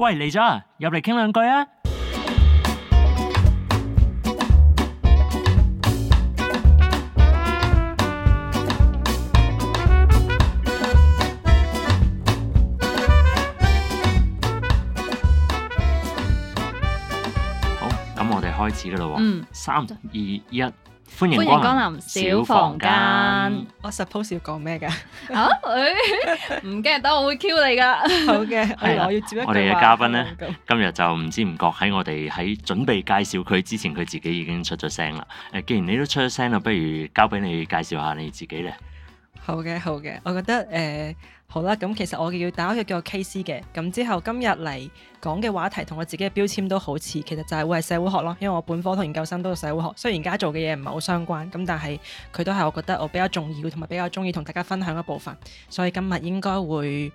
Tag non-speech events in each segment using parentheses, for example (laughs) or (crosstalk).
喂，嚟咗啊，入嚟傾兩句啊。好，咁我哋開始㗎喇喎。嗯。三、二、一。歡迎，歡迎光臨小房間。我 suppose 要講咩㗎？啊，唔驚得我會 Q 你㗎。好嘅，我要 (laughs) 我哋嘅嘉賓咧，今日就唔知唔覺喺我哋喺準備介紹佢之前，佢自己已經出咗聲啦。誒、呃，既然你都出咗聲啦，不如交俾你介紹下你自己咧。好嘅，好嘅，我覺得誒。呃好啦，咁其實我叫大家叫個 K C 嘅，咁、嗯、之後今日嚟講嘅話題同我自己嘅標籤都好似，其實就係會係社會學咯，因為我本科同研究生都係社會學，雖然而家做嘅嘢唔係好相關，咁、嗯、但係佢都係我覺得我比較重要同埋比較中意同大家分享一部分，所以今日應該會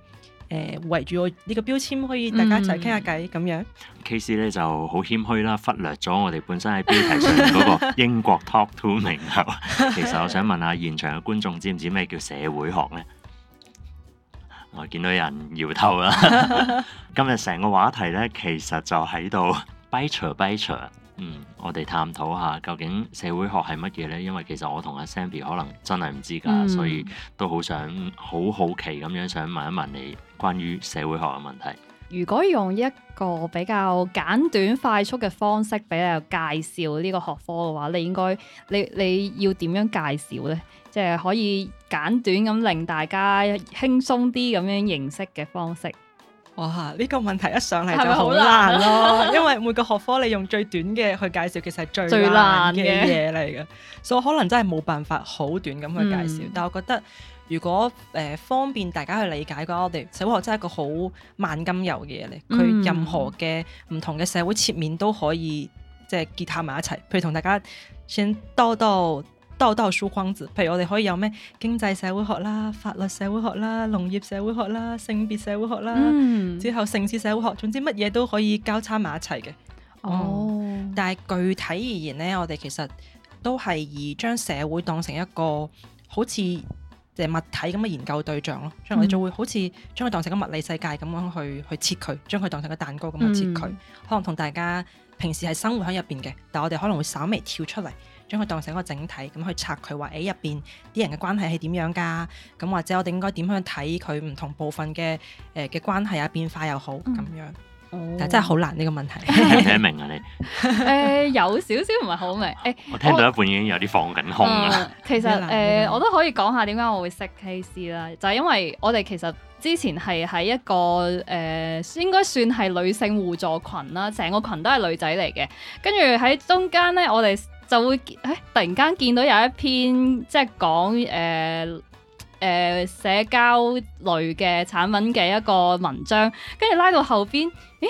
誒圍住我呢個標籤，可以大家一齊傾下偈咁樣。K C 咧就好謙虛啦，忽略咗我哋本身喺標題上嗰個英國 Top Two 名校。其實我想問下現場嘅觀眾，知唔知咩叫社會學咧？我見到有人搖頭啦， (laughs) 今日成個話題呢，其實就喺度掰扯掰扯。嗯，我哋探討下究竟社會學係乜嘢呢？因為其實我同阿 Sammy 可能真係唔知噶，嗯、所以都好想好好奇咁樣想問一問你關於社會學嘅問題。如果用一個比較簡短快速嘅方式俾你介紹呢個學科嘅話，你應該你你要點樣介紹呢？即係可以簡短咁令大家輕鬆啲咁樣認識嘅方式。哇！呢個問題一上嚟就好難咯，係咪好難啊？ (laughs) 因為每個學科你用最短嘅去介紹，其實係最難嘅嘢嚟嘅，所以可能真係冇辦法好短咁去介紹。嗯、但我覺得。如果誒、呃、方便大家去理解嘅話，我哋社會學真係一個好萬金油嘅嘢嚟。佢、嗯、任何嘅唔同嘅社會切面都可以即係結合埋一齊。譬如同大家先多多多多數框子，譬如我哋可以有咩經濟社會學啦、法律社會學啦、農業社會學啦、性別社會學啦，嗯、之後城市社會學，總之乜嘢都可以交叉埋一齊嘅。哦，但係具體而言呢，我哋其實都係以將社會當成一個好似，即係物體咁嘅研究對象咯，所以我哋就會好似將佢當成個物理世界咁樣去、嗯、去切佢，將佢當成個蛋糕咁樣去切佢，嗯、可能同大家平時係生活喺入邊嘅，但係我哋可能會稍微跳出嚟，將佢當成一個整體咁去拆佢，話誒入邊啲人嘅關係係點樣㗎？咁或者我哋應該點樣睇佢唔同部分嘅誒嘅關係啊？變化又好咁、嗯、樣。但真係好難呢個問題， (laughs) 你聽唔聽、 (laughs) uh, 明啊你？誒，有少少唔係好明，誒，我聽到一半已經有啲放緊空啦。Uh, 其實誒，uh, (laughs) 我都可以講下點解我會識 KC 啦， (laughs) 就係因為我哋其實之前係喺一個誒，uh, 應該算係女性互助群啦，成個群都係女仔嚟嘅，跟住喺中間咧，我哋就會誒、哎，突然間見到有一篇即係講誒。就是誒、呃、社交類嘅產品嘅一個文章，跟住拉到後邊，咦？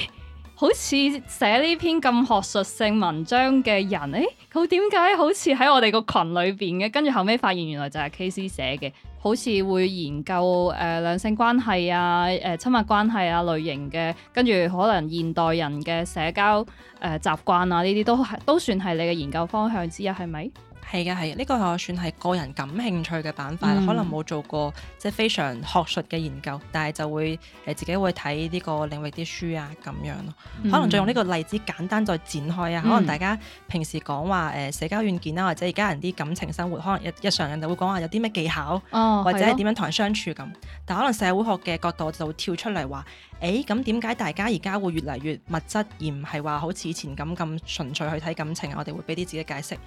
好似寫呢篇咁學術性文章嘅人，誒，佢點解好似喺我哋個群裏邊嘅？跟住後尾發現原來就係 KC 寫嘅，好似會研究誒兩、呃、性關係啊、誒親密關係啊類型嘅，跟住可能現代人嘅社交誒、呃、習慣啊呢啲都係都算係你嘅研究方向之一，係咪？係嘅，係嘅，呢、呢個算係個人感興趣嘅板塊啦。嗯、可能冇做過即係非常學術嘅研究，但係就會誒、呃、自己會睇呢個領域啲書啊咁樣咯。可能再用呢個例子簡單再展開啊。嗯、可能大家平時講話誒社交軟件啊，或者而家人啲感情生活，可能日常人就會講話有啲咩技巧，哦、或者係點樣同人相處咁。的但可能社會學嘅角度就會跳出嚟話，誒咁點解大家而家會越嚟越物質，而唔係話好似以前咁咁純粹去睇感情啊？我哋會俾啲自己解釋。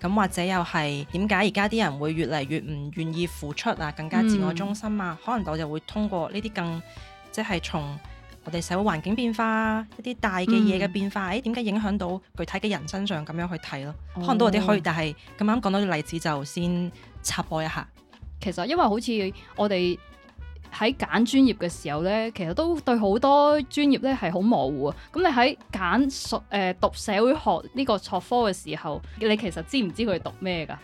咁或者。又係點解而家啲人會越嚟越唔願意付出啊？更加自我中心啊？嗯、可能我就會通過呢啲更即係從我哋社會環境變化一啲大嘅嘢嘅變化，誒、嗯，點解影響到具體嘅人身上咁樣去睇咯？可能都有啲可以，哦、但係咁啱講到啲例子就先插播一下。其實因為好似我哋。喺揀專業嘅時候咧，其實都對好多專業咧係好模糊啊！咁你喺揀誒讀社會學呢個學科嘅時候，你其實知唔知佢讀咩噶？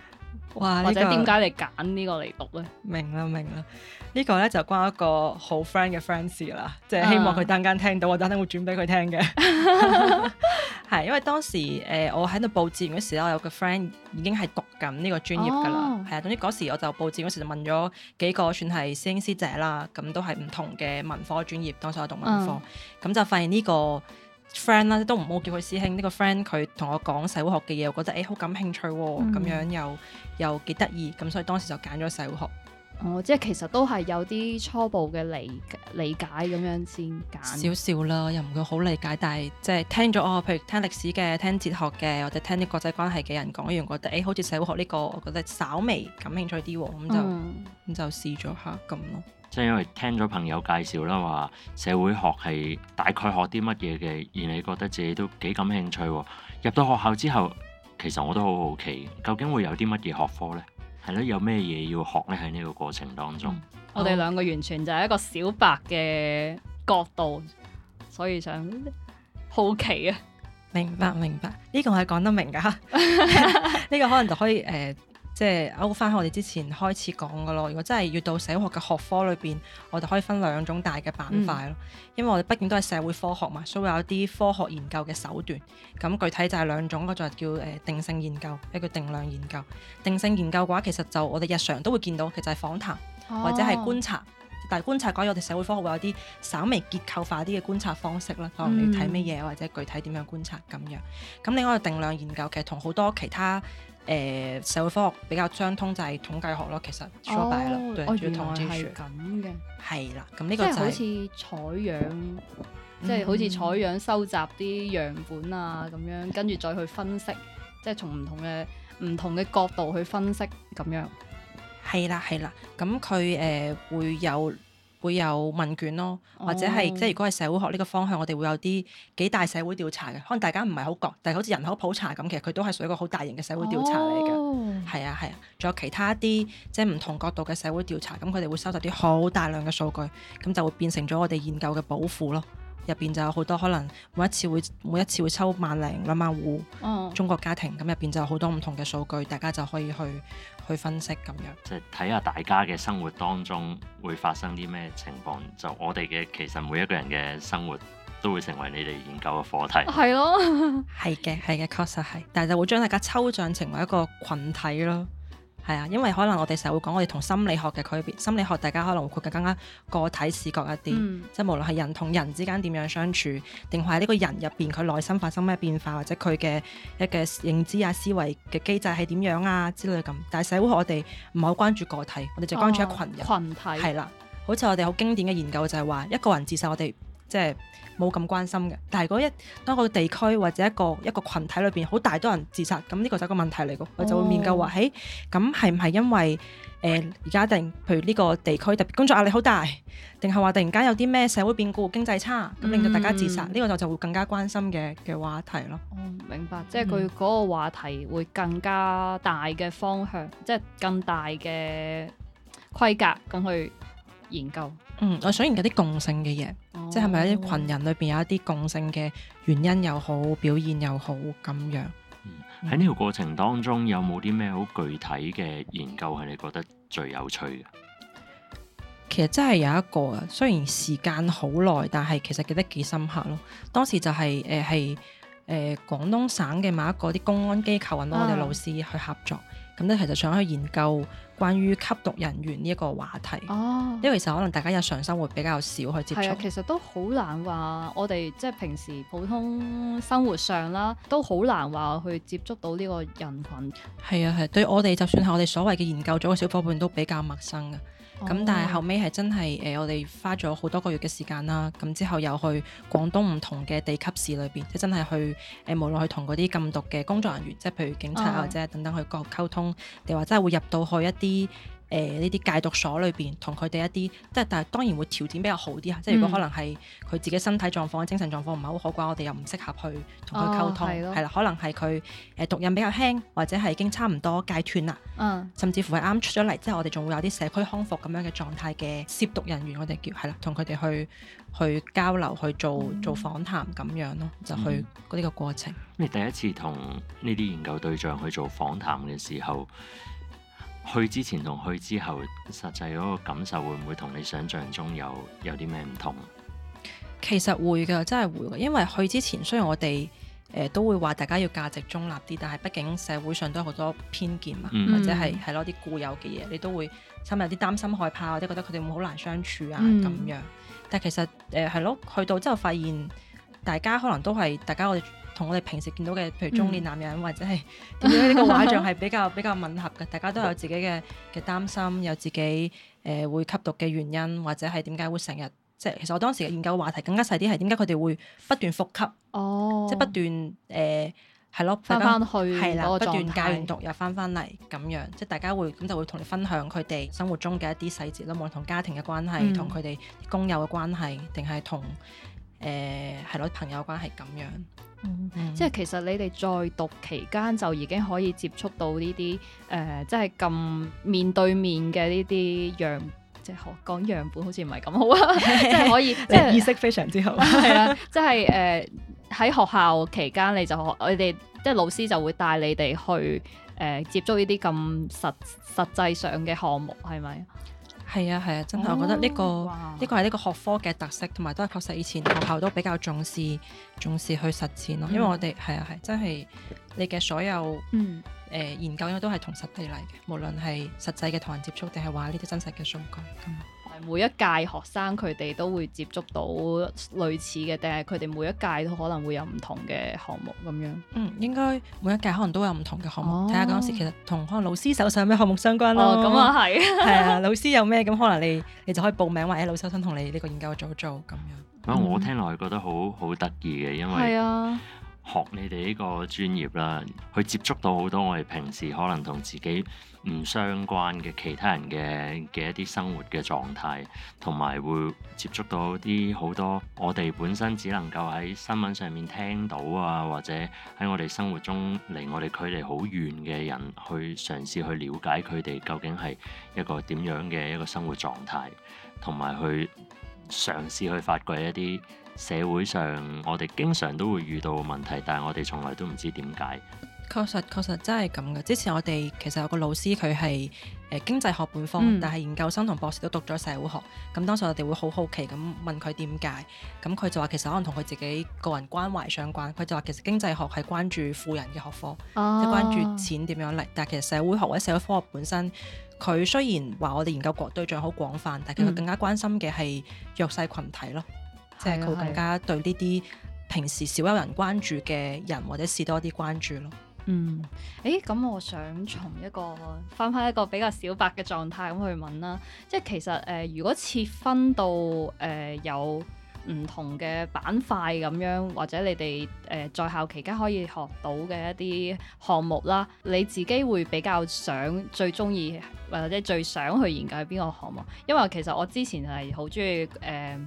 哇！或者點解你揀呢個嚟讀咧？明啦明啦，呢、這個咧就關一個好 friend 嘅 friends 啦，即係希望佢當間聽到，嗯、我等陣會轉俾佢聽嘅。係 (laughs) (laughs) 因為當時誒、呃、我喺度報志願嗰時我有個 friend 已經係讀緊呢個專業㗎啦。係啊、哦，總之嗰時我就報志願嗰時就問咗幾個算係師兄師姐啦，咁都係唔同嘅文科專業，當時我讀文科，咁、嗯、就發現呢、這個，friend 啦，都唔好叫佢師兄。呢、這個 friend 佢同我講社會學嘅嘢，我覺得誒好、哎、感興趣喎、哦，咁、嗯、樣又又幾得意，咁所以當時就揀咗社會學。哦，即係其實都係有啲初步嘅理理解咁樣先揀少少啦，又唔會好理解，但係即係聽咗我、哦、譬如聽歷史嘅、聽哲學嘅，或者聽啲國際關係嘅人講完，覺得誒、哎、好似社會學呢、這個，我覺得稍微感興趣啲喎、哦，咁就咁、嗯、就試咗下咁咯。即係因為聽咗朋友介紹啦，話社會學係大概學啲乜嘢嘅，而你覺得自己都幾感興趣喎。入到學校之後，其實我都好好奇，究竟會有啲乜嘢學科呢？係咯，有咩嘢要學呢？喺呢個過程當中，嗯、我哋兩個完全就係一個小白嘅角度，所以想好奇啊。明白明白，呢、呢個我係講得明㗎，呢 (laughs) 個可能就可以誒。呃即係勾翻我哋之前開始講嘅咯。如果真係要到社會學嘅學科裏邊，我就可以分兩種大嘅板塊咯。嗯、因為我哋畢竟都係社會科學嘛，所以會有啲科學研究嘅手段。咁具體就係兩種，我就係叫誒定性研究，一個定量研究。定性研究嘅話，其實就我哋日常都會見到，其實係訪談、哦、或者係觀察。但係觀察嘅話，我哋社會科學會有啲稍微結構化啲嘅觀察方式啦，例如你睇乜嘢或者具體點樣觀察咁樣。咁另外個定量研究其實同好多其他。誒、呃、社會科學比較相通就係統計學咯，其實主白，大類、哦、對，主要統計學。係啦，咁呢個就係、好似採、嗯啊、樣，即係好似採樣收集啲樣本啊咁樣，跟住再去分析，即係從唔同嘅唔同嘅角度去分析咁樣。係啦，係啦，咁佢誒會有。會有問卷咯，或者係、oh. 即係如果係社會學呢個方向，我哋會有啲幾大社會調查嘅。可能大家唔係好覺，但係好似人口普查咁，其實佢都係屬於一個好大型嘅社會調查嚟嘅。係啊係啊，仲、啊、有其他啲即係唔同角度嘅社會調查，咁佢哋會收集啲好大量嘅數據，咁就會變成咗我哋研究嘅寶庫咯。入邊就有好多可能每，每一次會每一次會抽萬零兩萬戶、嗯、中國家庭，咁入邊就有好多唔同嘅數據，大家就可以去去分析咁樣，即係睇下大家嘅生活當中會發生啲咩情況，就我哋嘅其實每一個人嘅生活都會成為你哋研究嘅課題。係咯， (laughs) 係嘅，係嘅，確實係，但係就會將大家抽象成為一個群體咯。係啊，因為可能我哋成日會講我哋同心理學嘅區別，心理學大家可能會更加個體視覺一啲，嗯、即係無論係人同人之間點樣相處，定係呢個人入邊佢內心發生咩變化，或者佢嘅一個認知啊、思維嘅機制係點樣啊之類咁。但係社會學我哋唔係好關注個體，我哋就關注一群人，哦、群體係啦。好似我哋好經典嘅研究就係話一個人自殺我，我哋即係。冇咁關心嘅，但係嗰一單個地區或者一個一個羣體裏邊好大多人自殺，咁呢個就係一個問題嚟嘅，我、哦、就會研究話誒咁係唔係因為誒而家定譬如呢個地區特別工作壓力好大，定係話突然間有啲咩社會變故、經濟差咁令到大家自殺，呢、嗯、個就就會更加關心嘅嘅話題咯。嗯、明白，嗯、即係佢嗰個話題會更加大嘅方向，嗯、即係更大嘅規格咁去。研究嗯，我想研究啲共性嘅嘢，哦、即係咪一啲群人裏邊有一啲共性嘅原因又好，表現又好咁樣。喺呢個過程當中，有冇啲咩好具體嘅研究係你覺得最有趣嘅？其實真係有一個啊，雖然時間好耐，但係其實記得幾深刻咯。當時就係誒係誒廣東省嘅某一個啲公安機構揾到我哋老師去合作。啊咁咧，其實想去研究關於吸毒人員呢一個話題，哦、因為其實可能大家日常生活比較少去接觸，其實都好難話，我哋即係平時普通生活上啦，都好難話去接觸到呢個人群。係啊，係對我哋，就算係我哋所謂嘅研究組嘅小伙伴，都比較陌生嘅。咁、嗯、但係後尾係真係誒、呃，我哋花咗好多個月嘅時間啦，咁、嗯、之後又去廣東唔同嘅地級市裏邊，即真係去誒、呃，無論去同嗰啲禁毒嘅工作人員，即係譬如警察、啊哦、或者等等去各個溝通，亦、就、話、是、真係會入到去一啲，誒呢啲戒毒所裏邊，同佢哋一啲即係，但係當然會條件比較好啲。即係、嗯、如果可能係佢自己身體狀況、精神狀況唔係好好嘅話，我哋又唔適合去同佢溝通。係啦、哦，可能係佢誒毒癮比較輕，或者係已經差唔多戒斷啦。嗯、甚至乎係啱出咗嚟之後，我哋仲會有啲社區康復咁樣嘅狀態嘅涉毒人員，我哋叫係啦，同佢哋去去交流、去做、嗯、做訪談咁樣咯，就去嗰啲個過程、嗯。你第一次同呢啲研究對象去做訪談嘅時候，去之前同去之後，實際嗰個感受會唔會同你想象中有有啲咩唔同？其實會㗎，真係會㗎，因為去之前雖然我哋誒、呃、都會話大家要價值中立啲，但係畢竟社會上都有好多偏見啊，嗯、或者係係攞啲固有嘅嘢，你都會稍微有啲擔心、害怕，或者覺得佢哋會好難相處啊咁、嗯、樣。但其實誒係咯，去到之後發現大家可能都係大，大家我哋。同我哋平時見到嘅，譬如中年男人、嗯、或者係，咁樣呢個畫像係比較 (laughs) 比較吻合嘅。大家都有自己嘅嘅擔心，有自己誒、呃、會吸毒嘅原因，或者係點解會成日即係。其實我當時嘅研究話題更加細啲，係點解佢哋會不斷復吸？哦，即係不斷誒係、呃、咯，翻翻去係啦，的的不斷戒完毒又翻翻嚟咁樣。即係大家會咁就會同你分享佢哋生活中嘅一啲細節啦，無論同家庭嘅關係、同佢哋工友嘅關係，定係同。誒係咯，朋友關係咁樣，即係其實你哋在讀期間就已經可以接觸到呢啲誒，即係咁面對面嘅呢啲樣，即係學講樣本好似唔係咁好啊， (laughs) 即係可以，即係意識非常之好，係啦，即係誒喺學校期間你就學我哋，即係老師就會帶你哋去誒、呃、接觸呢啲咁實實際上嘅項目，係咪？係啊，係啊，真係、哦、我覺得呢、呢個呢哇個係呢個學科嘅特色，同埋都係確實以前學校都比較重視重視去實踐咯。嗯、因為我哋係啊係、啊，真係你嘅所有誒、嗯呃、研究，應該都係同實地嚟嘅，無論係實際嘅同人接觸，定係話呢啲真實嘅數據。嗯每一屆學生佢哋都會接觸到類似嘅，定係佢哋每一屆都可能會有唔同嘅項目咁樣。嗯，應該每一屆可能都有唔同嘅項目，睇、哦、下嗰陣時其實同可能老師手上有咩項目相關咯。咁又係，係 (laughs) 啊，老師有咩咁可能你你就可以報名或者老師想同你呢個研究組做咁樣。咁、嗯、我聽落去覺得好好得意嘅，因為。係啊。學你哋呢個專業啦，去接觸到好多我哋平時可能同自己唔相關嘅其他人嘅嘅一啲生活嘅狀態，同埋會接觸到啲好多我哋本身只能夠喺新聞上面聽到啊，或者喺我哋生活中離我哋距離好遠嘅人，去嘗試去了解佢哋究竟係一個點樣嘅一個生活狀態，同埋去嘗試去發掘一啲。社會上我哋經常都會遇到問題，但係我哋從來都唔知點解。確實，確實真係咁嘅。之前我哋其實有個老師，佢係誒經濟學本科，嗯、但係研究生同博士都讀咗社會學。咁、嗯、當時我哋會好好奇咁問佢點解，咁佢就話其實可能同佢自己個人關懷相關。佢就話其實經濟學係關注富人嘅學科，即係、哦、關注錢點樣嚟。但係其實社會學或者社會科學本身，佢雖然話我哋研究國對象好廣泛，但係佢更加關心嘅係弱勢群體咯。嗯即係佢更加對呢啲平時少有人關注嘅人，或者試多啲關注咯。嗯，誒、欸、咁，我想從一個翻返一個比較小白嘅狀態咁去問啦。即係其實誒、呃，如果切分到誒、呃、有唔同嘅板塊咁樣，或者你哋誒、呃、在校期間可以學到嘅一啲項目啦，你自己會比較想最中意，或者最想去研究係邊個項目？因為其實我之前係好中意誒。呃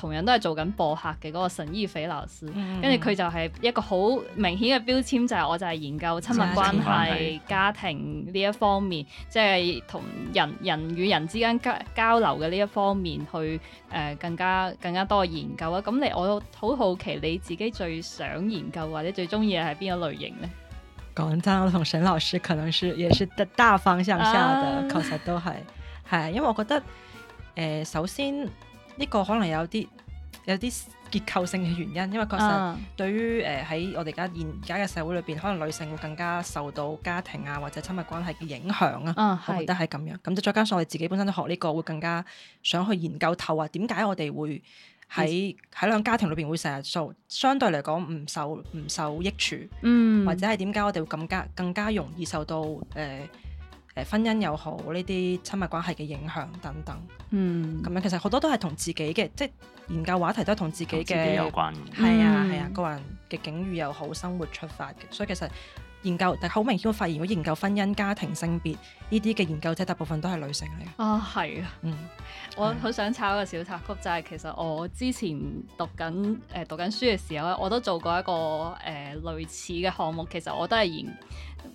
同樣都係做緊播客嘅嗰、那個沈奕斐老師，跟住佢就係一個好明顯嘅標籤，就係、是、我就係研究親密關係、家庭呢一方面，即係同人人與人之間交交流嘅呢一方面去誒、呃、更加更加多嘅研究啦。咁你我好好奇你自己最想研究或者最鍾意係邊一類型呢？講真，我同沈老師可能是也是得大方向下的，確實、啊、都係係，因為我覺得誒、呃、首先。呢個可能有啲有啲結構性嘅原因，因為確實對於誒喺我哋而家現而家嘅社會裏邊，可能女性會更加受到家庭啊或者親密關係嘅影響啊，uh, 是我覺得係咁樣。咁就再加上我哋自己本身都學呢、這個，會更加想去研究透，啊點解我哋會喺喺兩家庭裏邊會成日做，相對嚟講唔受唔受益處，mm. 或者係點解我哋會更加更加容易受到誒。呃誒婚姻又好呢啲親密關係嘅影響等等，嗯，咁樣其實好多都係同自己嘅，即係研究話題都係同自己嘅有關嘅，嗯，係啊，係啊，個人嘅境遇又好，生活出發嘅，所以其實。研究，但係好明顯我發現，如果研究婚姻、家庭、性別呢啲嘅研究者，大部分都係女性嚟。啊，係啊，嗯，我好想插一個小插曲，就係、是、其實我之前讀緊誒、呃、讀緊書嘅時候咧，我都做過一個誒、呃、類似嘅項目，其實我都係研，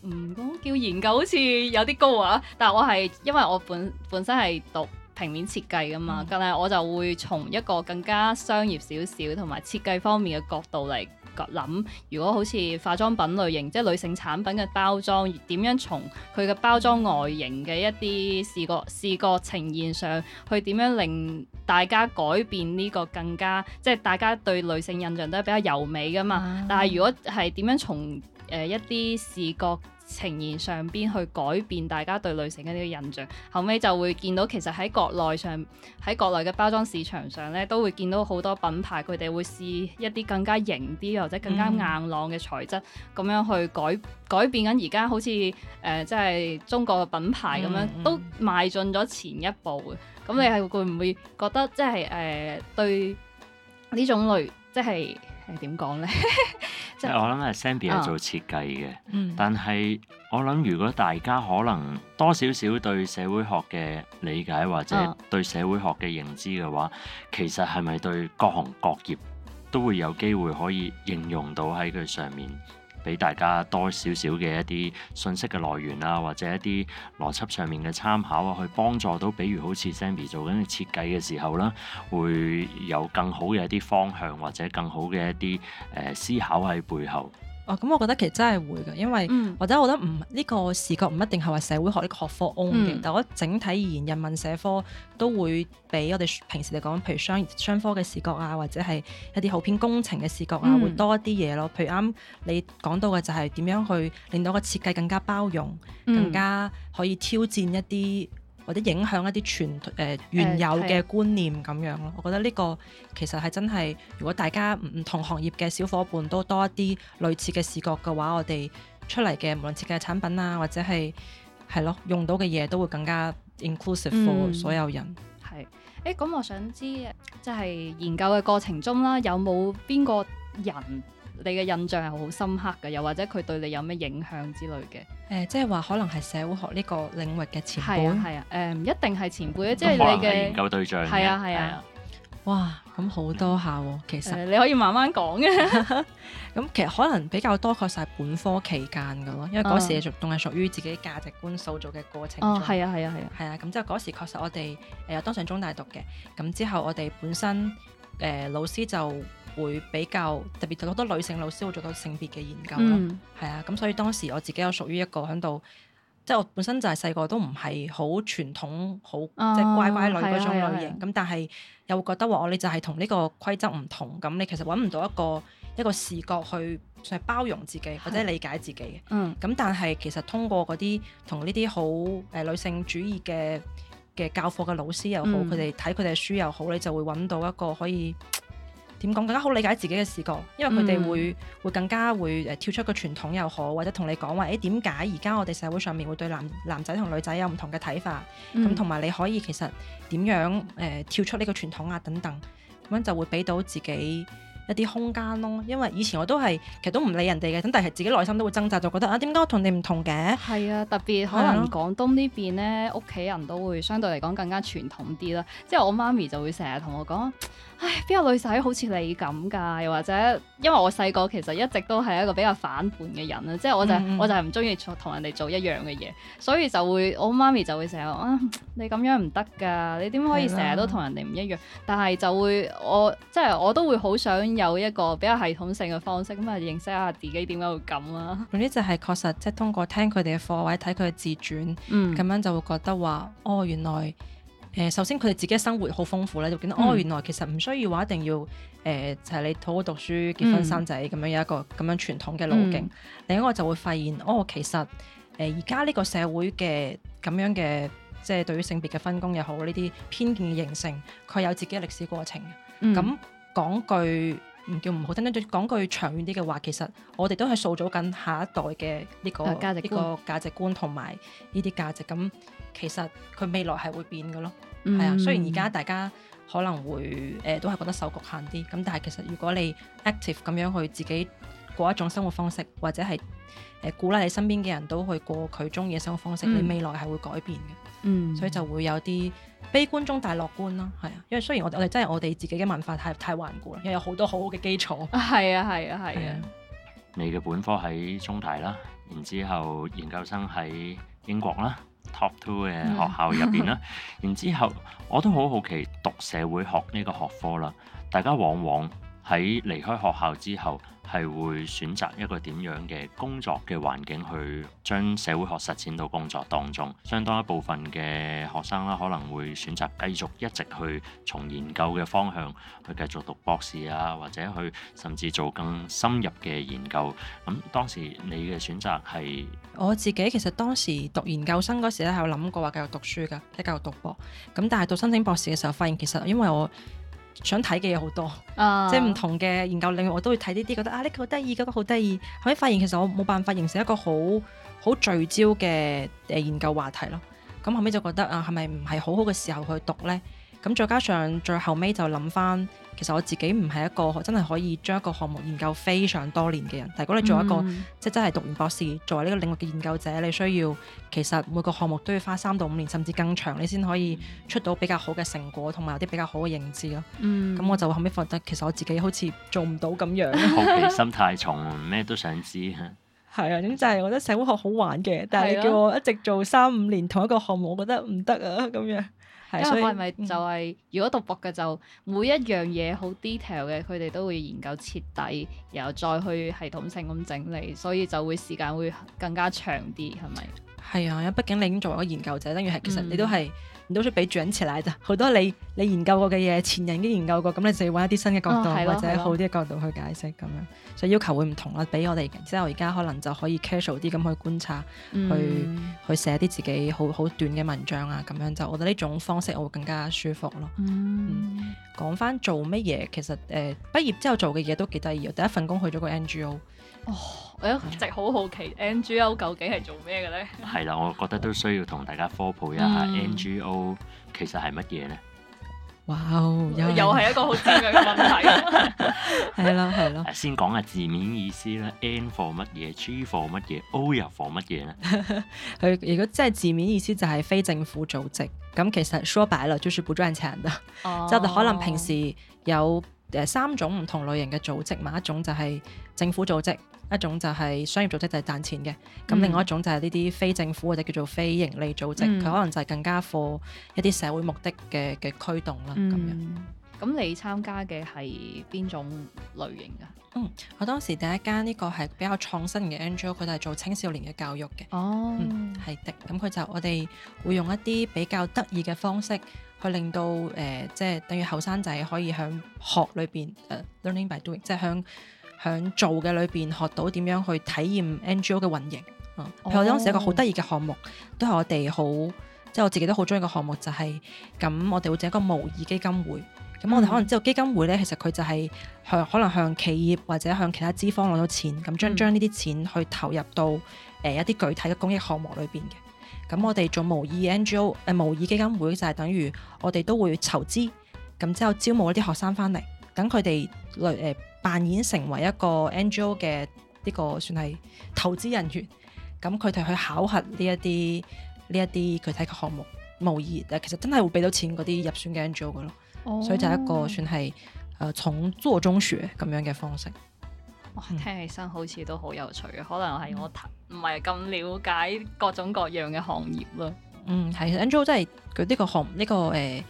唔講叫研究，好似有啲高啊，但係我係因為我本本身係讀平面設計㗎嘛，嗯、但係我就會從一個更加商業少少同埋設計方面嘅角度嚟諗如果好似化妝品類型，即係女性產品嘅包裝，點樣從佢嘅包裝外形嘅一啲視覺視覺呈現上，去點樣令大家改變呢個更加，即係大家對女性印象都係比較柔美㗎嘛。啊、但係如果係點樣從誒、呃、一啲視覺呈現上邊去改變大家對女性嘅呢個印象，後尾就會見到其實喺國內上喺國內嘅包裝市場上咧，都會見到好多品牌佢哋會試一啲更加型啲或者更加硬朗嘅材質，咁、嗯、樣去改改變緊而家好似誒即係中國嘅品牌咁樣，嗯嗯都邁進咗前一步嘅。咁你係會唔會覺得即係誒對呢種類即係誒點講咧？就是呃 (laughs) 即係我諗係 Sammy 係做設計嘅，嗯、但係我諗如果大家可能多少少對社會學嘅理解或者對社會學嘅認知嘅話，哦、其實係咪對各行各業都會有機會可以應用到喺佢上面？俾大家多少少嘅一啲信息嘅來源啊，或者一啲邏輯上面嘅參考啊，去幫助到，比如好似 Sammy 做緊嘅設計嘅時候啦，會有更好嘅一啲方向，或者更好嘅一啲誒、呃、思考喺背後。啊，咁、哦、我覺得其實真係會嘅，因為或者我覺得唔呢、嗯、個視覺唔一定係話社會學呢個學科 own 嘅，嗯、但係我覺得整體而言，人文社科都會俾我哋平時嚟講，譬如商、商科嘅視覺啊，或者係一啲好偏工程嘅視覺啊，嗯、會多一啲嘢咯。譬如啱你講到嘅就係點樣去令到個設計更加包容，嗯、更加可以挑戰一啲。或者影響一啲全誒原有嘅觀念咁樣咯，呃、我覺得呢個其實係真係，如果大家唔同行業嘅小伙伴都多一啲類似嘅視覺嘅話，我哋出嚟嘅無論設計產品啊，或者係係咯用到嘅嘢都會更加 inclusive、嗯、for 所有人。係，誒咁我想知，即、就、係、是、研究嘅過程中啦，有冇邊個人？你嘅印象係好深刻嘅，又或者佢對你有咩影響之類嘅？誒、呃，即係話可能係社會學呢個領域嘅前輩，係啊係唔、啊嗯、一定係前輩，即係你嘅研究對象。係啊係啊，啊嗯、哇，咁好多下喎、啊，其實、呃、你可以慢慢講嘅。咁 (laughs) 其實可能比較多確實係本科期間嘅咯，因為嗰時仲仲係屬於自己價值觀塑造嘅過程、啊。哦，係啊係啊係啊，係啊，咁即、啊啊、後嗰時確實我哋誒、呃、當上中大讀嘅，咁之後我哋本身誒、呃、老師就，會比較特別，好多女性老師會做到性別嘅研究係、嗯、啊，咁所以當時我自己有屬於一個喺度，即係我本身就係細個都唔係好傳統，好、哦、即係乖乖女嗰種類型，咁、啊啊啊啊、但係又會覺得話我你就係同呢個規則唔同，咁你其實搵唔到一個一個視角去包容自己或者理解自己嘅，咁是、嗯、但係其實通過嗰啲同呢啲好誒、呃、女性主義嘅嘅教課嘅老師又好，佢哋睇佢哋嘅書又好，你就會搵到一個可以。點講更加好理解自己嘅視覺，因為佢哋會、嗯、會更加會誒、呃、跳出個傳統又好，或者同你講話誒，點解而家我哋社會上面會對男男仔同女仔有唔同嘅睇法，咁同埋你可以其實點樣誒、呃、跳出呢個傳統啊等等，咁樣就會俾到自己一啲空間咯。因為以前我都係其實都唔理人哋嘅，咁但係自己內心都會掙扎，就覺得啊點解我同你唔同嘅？係啊，特別可能廣東呢邊咧，屋企、啊、人都會相對嚟講更加傳統啲啦。即、就、後、是、我媽咪就會成日同我講。唉，邊個女仔好似你咁㗎？又或者，因為我細個其實一直都係一個比較反叛嘅人啦，嗯嗯即係我就係、我就係唔中意同人哋做一樣嘅嘢，所以就會我媽咪就會成日話啊，你咁樣唔得㗎，你點可以成日都同人哋唔一樣？嗯、但係就會我即係、就係、我都會好想有一個比較系統性嘅方式咁去認識下自己點解會咁啦、啊。呢之就係確實即係、就係、通過聽佢哋嘅課位，睇佢嘅自傳，咁、嗯、樣就會覺得話哦，原來。誒，首先佢哋自己嘅生活好豐富咧，就見到、嗯、哦，原來其實唔需要話一定要誒、呃、就係、是、你好好讀書、結婚生、生仔咁樣有一個咁樣傳統嘅路徑。嗯、另一個就會發現，哦，其實誒而家呢個社會嘅咁樣嘅，即係對於性別嘅分工又好，呢啲偏見嘅形成，佢有自己嘅歷史過程。咁講、嗯嗯、句唔叫唔好聽，講句長遠啲嘅話，其實我哋都係塑造緊下一代嘅呢、這個呢個價值觀同埋呢啲價值咁。其實佢未來係會變嘅咯，係、嗯、啊。雖然而家大家可能會誒、呃、都係覺得受局限啲，咁但係其實如果你 active 咁樣去自己過一種生活方式，或者係誒鼓勵你身邊嘅人都去過佢鍾意嘅生活方式，嗯、你未來係會改變嘅。嗯，所以就會有啲悲觀中帶樂觀啦，係啊。因為雖然我哋我哋真係我哋自己嘅文化太太頑固啦，又有很多很好多好好嘅基礎。係啊，係啊，係啊。啊啊，你嘅本科喺中大啦，然之後研究生喺英國啦，Top two 嘅學校入邊啦，嗯、 (laughs) 然之後我都好好奇讀社會學呢個學科啦，大家往往。喺離開學校之後，係會選擇一個點樣嘅工作嘅環境去將社會學實踐到工作當中。相當一部分嘅學生啦、啊，可能會選擇繼續一直去從研究嘅方向去繼續讀博士啊，或者去甚至做更深入嘅研究。咁、嗯、當時你嘅選擇係？我自己其實當時讀研究生嗰時咧，係有諗過話繼續讀書㗎，喺繼續讀博。咁但係到申請博士嘅時候，發現其實因為我想睇嘅嘢好多，啊、即係唔同嘅研究領域，我都會睇呢啲，覺得啊呢個好得意，嗰個好得意。後尾發現其實我冇辦法形成一個好好聚焦嘅誒研究話題咯。咁後尾就覺得啊，係咪唔係好好嘅時候去讀咧？咁再加上最後尾就諗返。其實我自己唔係一個真係可以將一個項目研究非常多年嘅人。但如果你做一個、嗯、即係真係讀完博士，作為呢個領域嘅研究者，你需要其實每個項目都要花三到五年甚至更長，你先可以出到比較好嘅成果同埋有啲比較好嘅認知咯。咁、嗯、我就後尾覺得其實我自己好似做唔到咁樣。好奇心太重，咩都想知。係 (laughs) 啊，咁就係、是、我覺得社會學好玩嘅，但係你叫我一直做三五年同一個項目，我覺得唔得啊咁樣。因為我係咪就係、是、如果讀博嘅就每一樣嘢好 detail 嘅，佢哋都會研究徹底，然後再去系統性咁整理，所以就會時間會更加長啲，係咪？係啊，因為畢竟你已經作為一個研究者，等於係其實你都係。嗯唔都出俾獎詞嚟咋？好多你你研究過嘅嘢，前人已經研究過，咁你就要揾一啲新嘅角度、哦、或者好啲嘅角度去解釋咁樣，所以要求會唔同啦。俾我哋即係我而家可能就可以 casual 啲咁去觀察，嗯、去去寫啲自己好好短嘅文章啊，咁樣就我覺得呢種方式我會更加舒服咯。講翻、嗯嗯、做乜嘢，其實誒畢、呃、業之後做嘅嘢都幾得意。第一份工去咗個 NGO。哦，我一直好好奇 NGO 究竟係做咩嘅咧？係啦，我覺得都需要同大家科普一下 NGO 其實係乜嘢咧？哇又又係一個好尖嘅問題，係咯係咯。誒，先講下字面意思啦。N for 乜嘢？G for 乜嘢？O 又 for 乜嘢咧？佢如果真係字面意思就係非政府組織，咁其實說白了就是不賺錢的。哦。即係可能平時有誒三種唔同類型嘅組織，某一種就係政府組織。一種就係商業組織就係賺錢嘅，咁、嗯、另外一種就係呢啲非政府或者叫做非盈利組織，佢、嗯、可能就係更加課一啲社會目的嘅嘅驅動啦。咁、嗯、樣，咁、嗯、你參加嘅係邊種類型㗎？嗯，我當時第一間呢個係比較創新嘅 angel，佢就係做青少年嘅教育嘅。哦，係、嗯、的。咁、嗯、佢就我哋會用一啲比較得意嘅方式去令到誒，即係等於後生仔可以向學裏邊誒，learning by doing，即係向。響做嘅裏邊學到點樣去體驗 NGO 嘅運營，啊、哦，譬如我當時一個好得意嘅項目，都係我哋好，即、就、係、是，我自己都好中意嘅項目就係、是，咁我哋會整一個模擬基金會，咁我哋可能知道基金會咧，其實佢就係向可能向企業或者向其他資方攞到錢，咁將將呢啲錢去投入到誒、呃、一啲具體嘅公益項目裏邊嘅，咁我哋做模擬 NGO 誒、呃、模擬基金會就係等於我哋都會籌資，咁之後招募一啲學生翻嚟，等佢哋嚟誒。呃扮演成為一個 Angel 嘅呢、這個算係投資人員，咁佢哋去考核呢一啲呢一啲具體嘅項目、無疑，其實真係會俾到錢嗰啲入選嘅 Angel 嘅咯，哦、所以就係一個算係誒、呃、從做中學咁樣嘅方式。哇、哦，嗯、聽起身好似都好有趣嘅，可能係我唔係咁了解各種各樣嘅行業咯。嗯，係，Angel 真係佢呢個行呢、這個誒。這個呃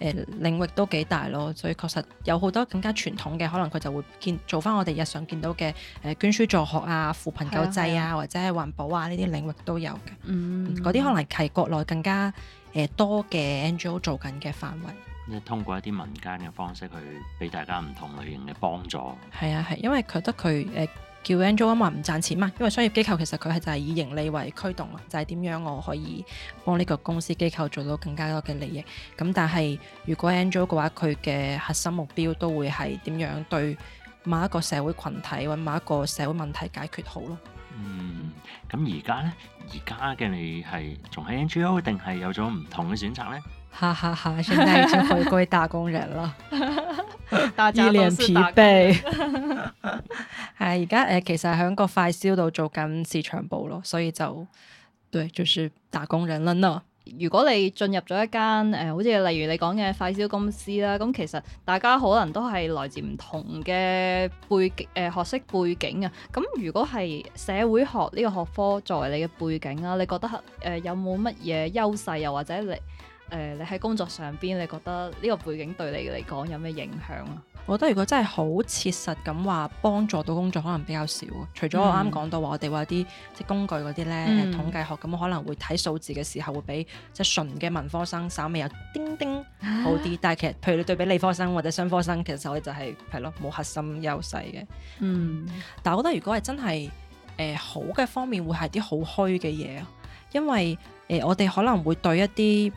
誒領域都幾大咯，所以確實有好多更加傳統嘅，可能佢就會見做返我哋日常見到嘅誒捐書助學啊、扶貧救濟啊，啊或者係環保啊呢啲領域都有嘅。嗯，嗰啲可能係國內更加誒多嘅 NGO 做緊嘅範圍。即係通過一啲民間嘅方式去俾大家唔同類型嘅幫助。係啊係、啊，因為覺得佢誒。呃叫 NGO 啊嘛，唔賺錢嘛，因為商業機構其實佢係就係以盈利為驅動，就係、是、點樣我可以幫呢個公司機構做到更加多嘅利益。咁但係如果 NGO 嘅話，佢嘅核心目標都會係點樣對某一個社會群體或某一個社會問題解決好咯。嗯，咁而家呢，而家嘅你係仲喺 NGO 定係有咗唔同嘅選擇呢？哈哈哈， (laughs) 現在已經回歸打工人了，一臉疲憊。係而家誒，其實喺一個快消度做緊市場部咯，所以就對，就是打工人啦。如果你進入咗一間誒、呃，好似例如你講嘅快消公司啦，咁其實大家可能都係來自唔同嘅背景，誒、呃、學識背景啊。咁如果係社會學呢個學科作為你嘅背景啦，你覺得誒、呃、有冇乜嘢優勢，又或者你？誒、呃，你喺工作上邊，你覺得呢個背景對你嚟講有咩影響啊？我覺得如果真係好切實咁話幫助到工作，可能比較少。除咗我啱講到話，嗯、我哋話啲即係工具嗰啲咧統計學咁，可能會睇數字嘅時候會比即係純嘅文科生稍微有丁丁好啲。啊、但係其實，譬如你對比理科生或者商科生，其實我哋就係係咯，冇核心優勢嘅。嗯，但係我覺得如果係真係誒、呃、好嘅方面，會係啲好虛嘅嘢啊，因為誒、呃、我哋可能會對一啲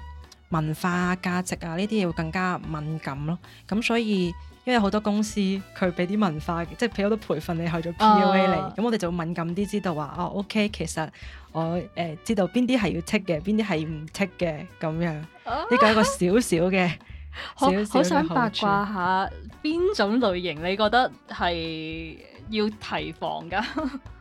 文化、啊、價值啊，呢啲要更加敏感咯。咁所以，因為好多公司佢俾啲文化，即係俾好多培訓你去咗 PUA 嚟，咁、啊、我哋就會敏感啲知道話哦。O.、Okay, K.，其實我誒、呃、知道邊啲係要剔嘅，邊啲係唔剔嘅，咁樣呢個、啊、一個小小嘅 (laughs) 小好好想八卦下邊種類型，你覺得係要提防㗎？ (laughs)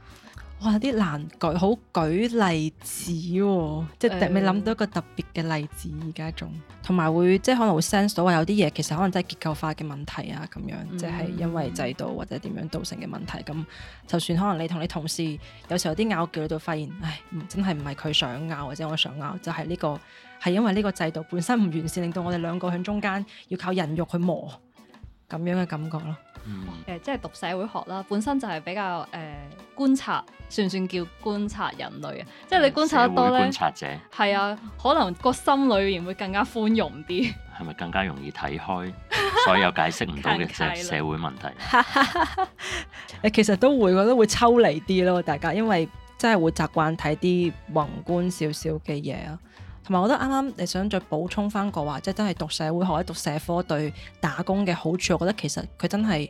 哇！啲難舉好舉例子喎、哦，即係未諗到一個特別嘅例子而家仲，同埋會即係可能會 sense 到話有啲嘢其實可能真係結構化嘅問題啊咁樣，嗯、哼即係因為制度或者點樣造成嘅問題。咁就算可能你同你同事有時候有啲拗撬，你都發現，唉，真係唔係佢想拗或者我想拗，就係呢個，係因為呢個制度本身唔完善，令到我哋兩個喺中間要靠人肉去磨咁樣嘅感覺咯。嗯、誒，即係讀社會學啦，本身就係比較誒、呃、觀察，算唔算叫觀察人類啊？即係你觀察得多咧，觀察者，係啊，可能個心裏面會更加寬容啲。係咪更加容易睇開所有解釋唔到嘅社社會問題？誒， (laughs) 加力 (laughs) 其實都會，我覺得會抽離啲咯，大家，因為真係會習慣睇啲宏觀少少嘅嘢啊。同埋，我覺得啱啱你想再補充翻個話，即係真係讀社會學或者讀社科對打工嘅好處，我覺得其實佢真係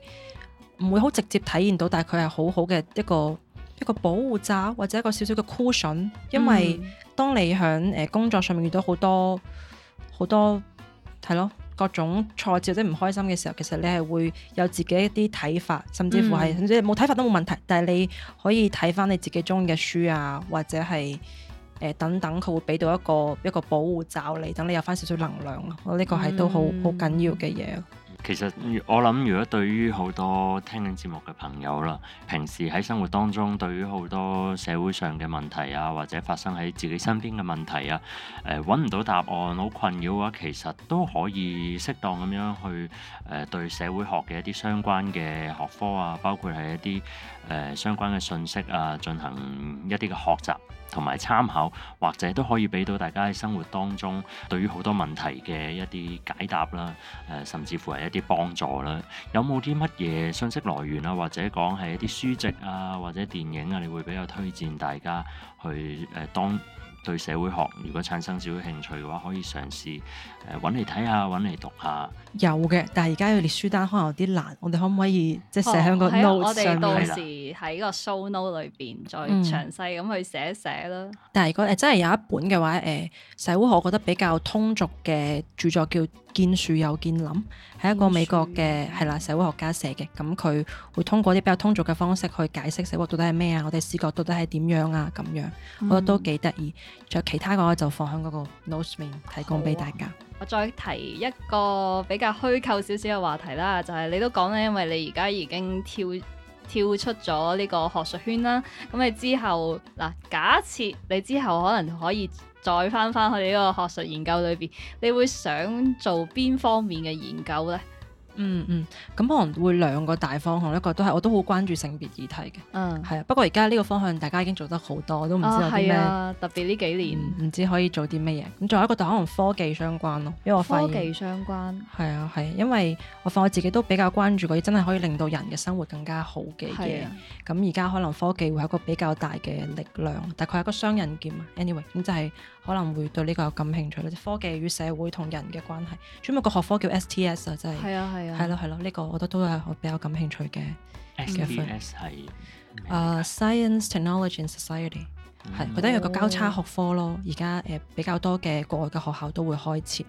唔會好直接體現到，但係佢係好好嘅一個一個保護罩或者一個少少嘅 cushion，因為當你喺誒工作上面遇到好多好、嗯、多係咯各種挫折或者唔開心嘅時候，其實你係會有自己一啲睇法，甚至乎係、嗯、甚至冇睇法都冇問題，但係你可以睇翻你自己中意嘅書啊，或者係。誒等等，佢會俾到一個一個保護罩你，等你有翻少少能量咯、這個嗯。我呢個係都好好緊要嘅嘢。其實我諗，如果對於好多聽緊節目嘅朋友啦，平時喺生活當中對於好多社會上嘅問題啊，或者發生喺自己身邊嘅問題啊，誒揾唔到答案好困擾嘅話，其實都可以適當咁樣去誒、呃、對社會學嘅一啲相關嘅學科啊，包括係一啲誒、呃、相關嘅信息啊，進行一啲嘅學習。同埋參考，或者都可以俾到大家喺生活當中對於好多問題嘅一啲解答啦，誒、呃，甚至乎係一啲幫助啦。有冇啲乜嘢信息來源啊，或者講係一啲書籍啊，或者電影啊，你會比較推薦大家去誒、呃、當，對社會學如果產生少少興趣嘅話，可以嘗試誒揾嚟睇下，揾嚟讀下。有嘅，但係而家要列書單可能有啲難，我哋可唔可以、哦、即係寫喺個 note 上、哦、我哋到時喺個 show note 裏邊再詳細咁去寫一寫啦。了嗯、但係如果誒、呃、真係有一本嘅話，誒、呃、社會學我覺得比較通俗嘅著作叫，見樹又見林，係一個美國嘅係樹啦社會學家寫嘅，咁佢會通過啲比較通俗嘅方式去解釋社會到底係咩啊，我哋視覺到底係點樣啊咁樣，嗯、我覺得都幾得意。仲有其他嘅，我就放喺嗰個 notes 面提供俾大家。啊、我再提一個比較虛構少少嘅話題啦，就係、是、你都講咧，因為你而家已經跳跳出咗呢個學術圈啦，咁你之後嗱，假設你之後可能可以。再翻翻去哋呢個學術研究裏邊，你會想做邊方面嘅研究咧？嗯嗯，咁、嗯、可能會兩個大方向，一個都係我都好關注性別議題嘅，嗯，係啊。不過而家呢個方向大家已經做得好多，都唔知有啲咩、啊、特別呢幾年唔、嗯、知可以做啲乜嘢。咁仲有一個就可能科技相關咯，因為我科技相關係啊係，因為我發我自己都比較關注嗰啲真係可以令到人嘅生活更加好嘅嘢。咁而家可能科技會有一個比較大嘅力量，大概佢係一個雙刃劍。Anyway，咁就係可能會對呢個有感興趣，科技與社會同人嘅關係。專門個學科叫 STS 啊，真係的。係啊係。係咯係咯，呢、這個我覺得都係我比較感興趣嘅。SBS Science, Technology, Society 係、嗯，覺得有一個交叉學科咯。而家誒比較多嘅國外嘅學校都會開設，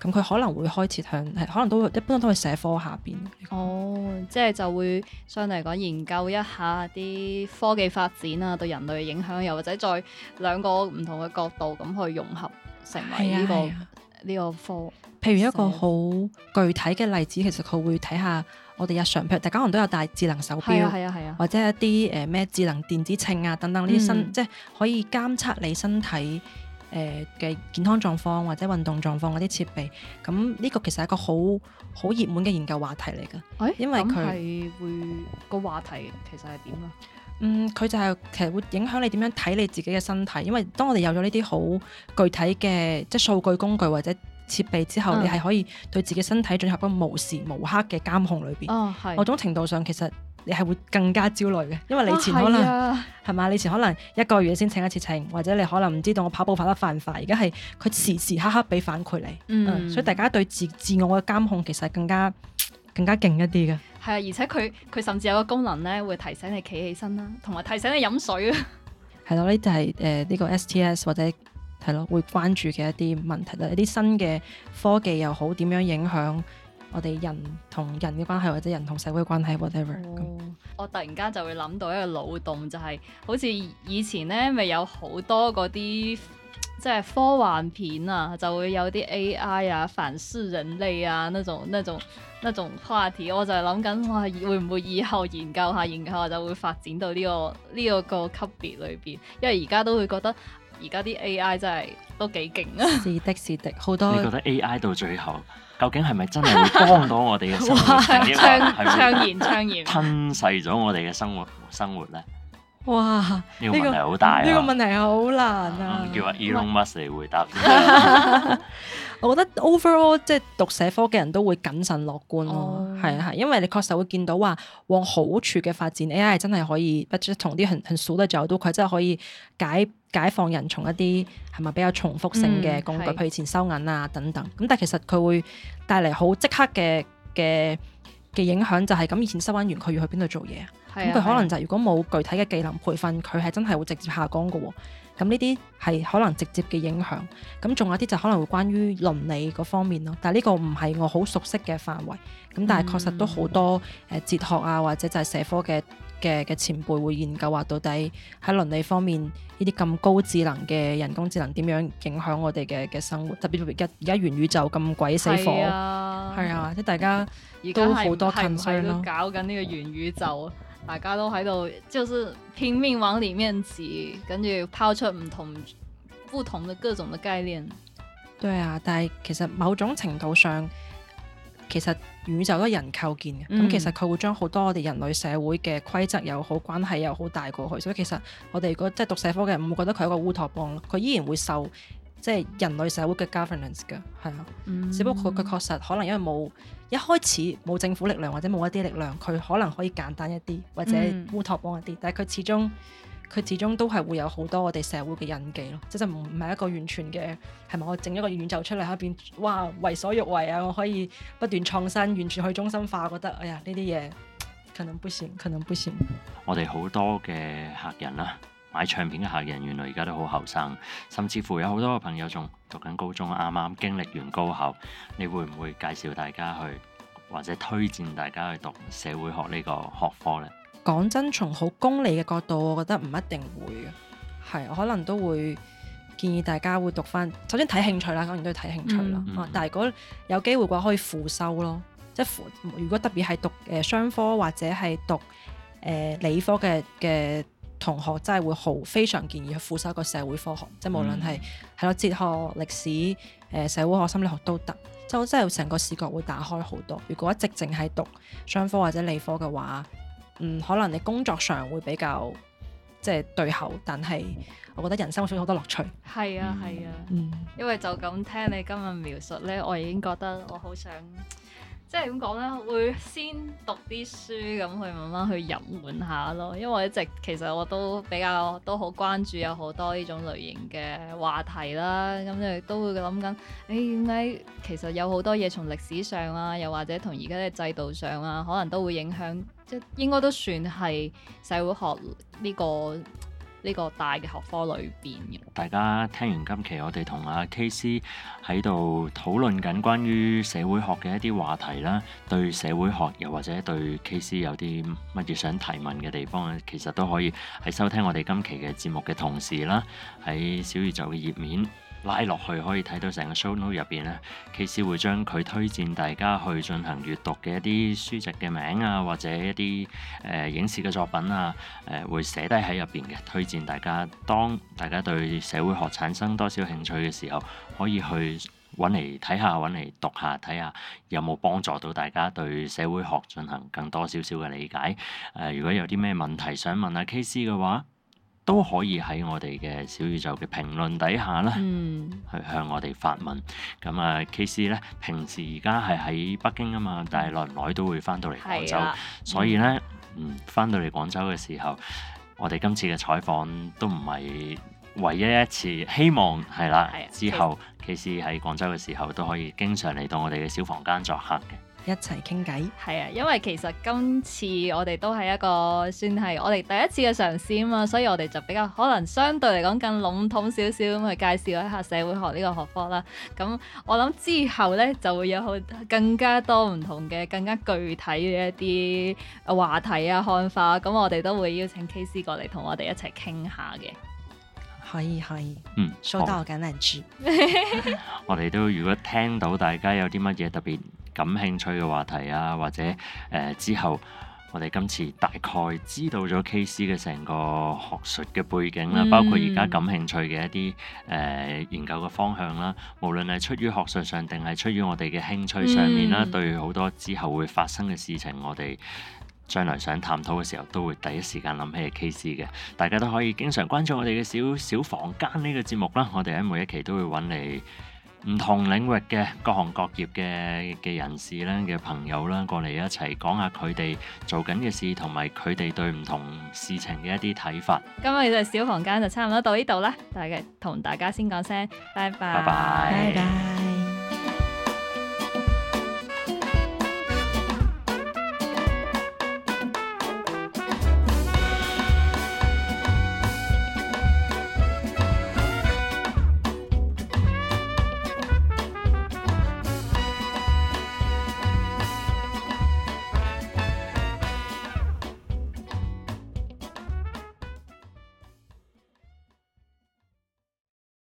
咁佢可能會開設向，可能都一般都係社科下邊。哦，這個、即係就會相對嚟講研究一下啲科技發展啊，對人類嘅影響，又或者再兩個唔同嘅角度咁去融合成為呢個呢、這個科。譬如一個好具體嘅例子，其實佢會睇下我哋日常譬如大家可能都有帶智能手錶，係啊係啊，啊啊或者一啲誒咩智能電子秤啊等等呢啲身、嗯、即係可以監測你身體誒嘅、呃、健康狀況或者運動狀況嗰啲設備。咁呢個其實係一個好好熱門嘅研究話題嚟㗎，欸、因為佢係會個話題其實係點咧？嗯，佢就係其實會影響你點樣睇你自己嘅身體，因為當我哋有咗呢啲好具體嘅即係數據工具或者，設備之後，嗯、你係可以對自己身體進行一個無時無刻嘅監控裏邊。哦，係。某種程度上，其實你係會更加焦慮嘅，因為你以前可能係嘛、哦啊，你以前可能一個月先請一次請，或者你可能唔知道我跑步跑得快唔快。而家係佢時時刻刻俾反饋你。嗯，嗯。所以大家對自自，自我嘅監控其實更加更加勁一啲嘅。係啊，而且佢佢甚至有個功能咧，會提醒你企起身啦，同埋提醒你飲水。係咯， (laughs) (laughs) 呢、這個、就係誒呢個 STS、呃這個這個、或者。係咯，會關注嘅一啲問題，就一啲新嘅科技又好，點樣影響我哋人同人嘅關係，或者人同社會嘅關係，whatever、哦。樣我突然間就會諗到一個腦洞，就係、係、好似以前咧，咪有好多嗰啲即係科幻片啊，就會有啲 AI 啊，反噬人類啊，嗰種、嗰種、嗰種話題。我就係諗緊，哇，會唔會以後研究下，研究下就會發展到呢、呢個呢個、呢個級別裏邊？因為而家都會覺得。而家啲 AI 真係都幾勁啊！是的，是的，好多。你覺得 AI 到最後究竟係咪真係會幫到我哋嘅生活？ (laughs) 哇！暢言暢言，吞噬咗我哋嘅生活生活咧！哇！呢個問題好大，呢、這個啊、個問題好難啊！嗯、叫阿 Elon Musk 嚟回答。我覺得 overall 即係讀社科嘅人都會謹慎樂觀咯。係啊，係，因為你確實會見到話往好處嘅發展，AI 真係可以不同啲很很數嘅嘢都佢真係可以解。解放人從一啲係咪比較重複性嘅工具，譬、嗯、如前收銀啊等等。咁但係其實佢會帶嚟好即刻嘅嘅嘅影響，就係咁。以前收銀員佢要去邊度做嘢，咁佢、啊、可能就係、如果冇具體嘅技能培訓，佢係真係會直接下崗嘅。咁呢啲係可能直接嘅影響。咁仲有啲就可能會關於倫理嗰方面咯。但係呢個唔係我好熟悉嘅範圍。咁但係確實都好多誒哲學啊，或者就係社科嘅。嘅嘅前輩會研究話，到底喺倫理方面呢啲咁高智能嘅人工智能點樣影響我哋嘅嘅生活？特別而家元宇宙咁鬼死火，係啊，即係、啊、大家現在 都好多近搞緊呢個元宇宙， (laughs) 大家都喺度，就是拼命往裡面擠，跟住拋出唔同、唔同不同的各種的概念。對啊，但係其實某種程度上。其實宇宙都係人構建嘅，咁、嗯、其實佢會將好多我哋人類社會嘅規則又好，關係又好帶過去。所以其實我哋即係讀社科嘅人，唔會覺得佢係一個烏托邦咯。佢依然會受即係、就是、人類社會嘅 governance 㗎，係啊。嗯、只不過佢佢確實可能因為冇一開始冇政府力量或者冇一啲力量，佢可能可以簡單一啲或者烏托邦一啲，嗯、但係佢始終。佢始終都係會有好多我哋社會嘅印記咯，即係唔唔係一個完全嘅係咪？是是我整一個演奏出嚟入邊，哇為所欲為啊！我可以不斷創新，完全去中心化，覺得哎呀呢啲嘢可能不行，可能不行。我哋好多嘅客人啦，買唱片嘅客人原來而家都好後生，甚至乎有好多嘅朋友仲讀緊高中，啱啱經歷完高考，你會唔會介紹大家去或者推薦大家去讀社會學呢個學科呢？講真，從好功利嘅角度，我覺得唔一定會係。我可能都會建議大家會讀翻。首先睇興趣啦，當然都要睇興趣啦。嗯啊、但係如果有機會嘅話，可以副修咯，即係如果特別係讀誒商、呃、科或者係讀誒、呃、理科嘅嘅同學，真係會好非常建議去副修個社會科學，即係無論係係咯哲學、歷史、誒、呃、社會學、心理學都得。就真係成個視覺會打開好多。如果一直淨係讀商科或者理科嘅話，嗯，可能你工作上會比較即係對口，但係我覺得人生會有好多樂趣。係啊，係啊，嗯，因為就咁聽你今日描述呢，我已經覺得我好想。即係點講咧？會先讀啲書咁，去慢慢去入門下咯。因為一直其實我都比較都好關注有好多呢種類型嘅話題啦。咁你都會諗緊，誒點解其實有好多嘢從歷史上啊，又或者同而家嘅制度上啊，可能都會影響，即係應該都算係社會學呢個。呢個大嘅學科裏邊嘅。大家聽完今期我哋同阿 KC 喺度討論緊關於社會學嘅一啲話題啦，對社會學又或者對 KC 有啲乜嘢想提問嘅地方咧，其實都可以喺收聽我哋今期嘅節目嘅同時啦，喺小宇宙嘅頁面，拉落去可以睇到成個 show note 入邊咧，KC 會將佢推薦大家去進行閱讀嘅一啲書籍嘅名啊，或者一啲誒、呃、影視嘅作品啊，誒、呃、會寫低喺入邊嘅，推薦大家當大家對社會學產生多少興趣嘅時候，可以去揾嚟睇下，揾嚟讀下，睇下有冇幫助到大家對社會學進行更多少少嘅理解。誒、呃，如果有啲咩問題想問阿 KC 嘅話。都可以喺我哋嘅小宇宙嘅評論底下咧，嗯、去向我哋發問。咁啊，KC 咧平時而家係喺北京啊嘛，但係耐唔耐都會翻到嚟廣州，啊、所以咧，嗯，翻到嚟廣州嘅時候，我哋今次嘅採訪都唔係唯一一次。希望係啦，啊、之後、啊、KC 喺廣州嘅時候都可以經常嚟到我哋嘅小房間作客嘅。一齊傾偈，係啊，因為其實今次我哋都係一個算係我哋第一次嘅嘗試啊嘛，所以我哋就比較可能相對嚟講更籠統少少咁去介紹一下社會學呢個學科啦。咁我諗之後呢，就會有更加多唔同嘅更加具體嘅一啲話題啊、看法，咁我哋都會邀請 K 師過嚟同我哋一齊傾下嘅。可以可以，嗯，收到我橄欖枝。 (laughs) (laughs) 我哋都如果聽到大家有啲乜嘢特別感興趣嘅話題啊，或者誒、呃、之後，我哋今次大概知道咗 KC 嘅成個學術嘅背景啦，嗯、包括而家感興趣嘅一啲誒、呃、研究嘅方向啦，無論係出於學術上定係出於我哋嘅興趣上面啦，嗯、對好多之後會發生嘅事情，我哋將來想探討嘅時候，都會第一時間諗起 KC 嘅。大家都可以經常關注我哋嘅小小房間呢個節目啦，我哋喺每一期都會揾你。唔同領域嘅各行各業嘅嘅人士啦，嘅朋友啦，過嚟一齊講下佢哋做緊嘅事，同埋佢哋對唔同事情嘅一啲睇法。今日嘅小房間就差唔多到呢度啦，大家同大家先講聲拜拜，拜拜。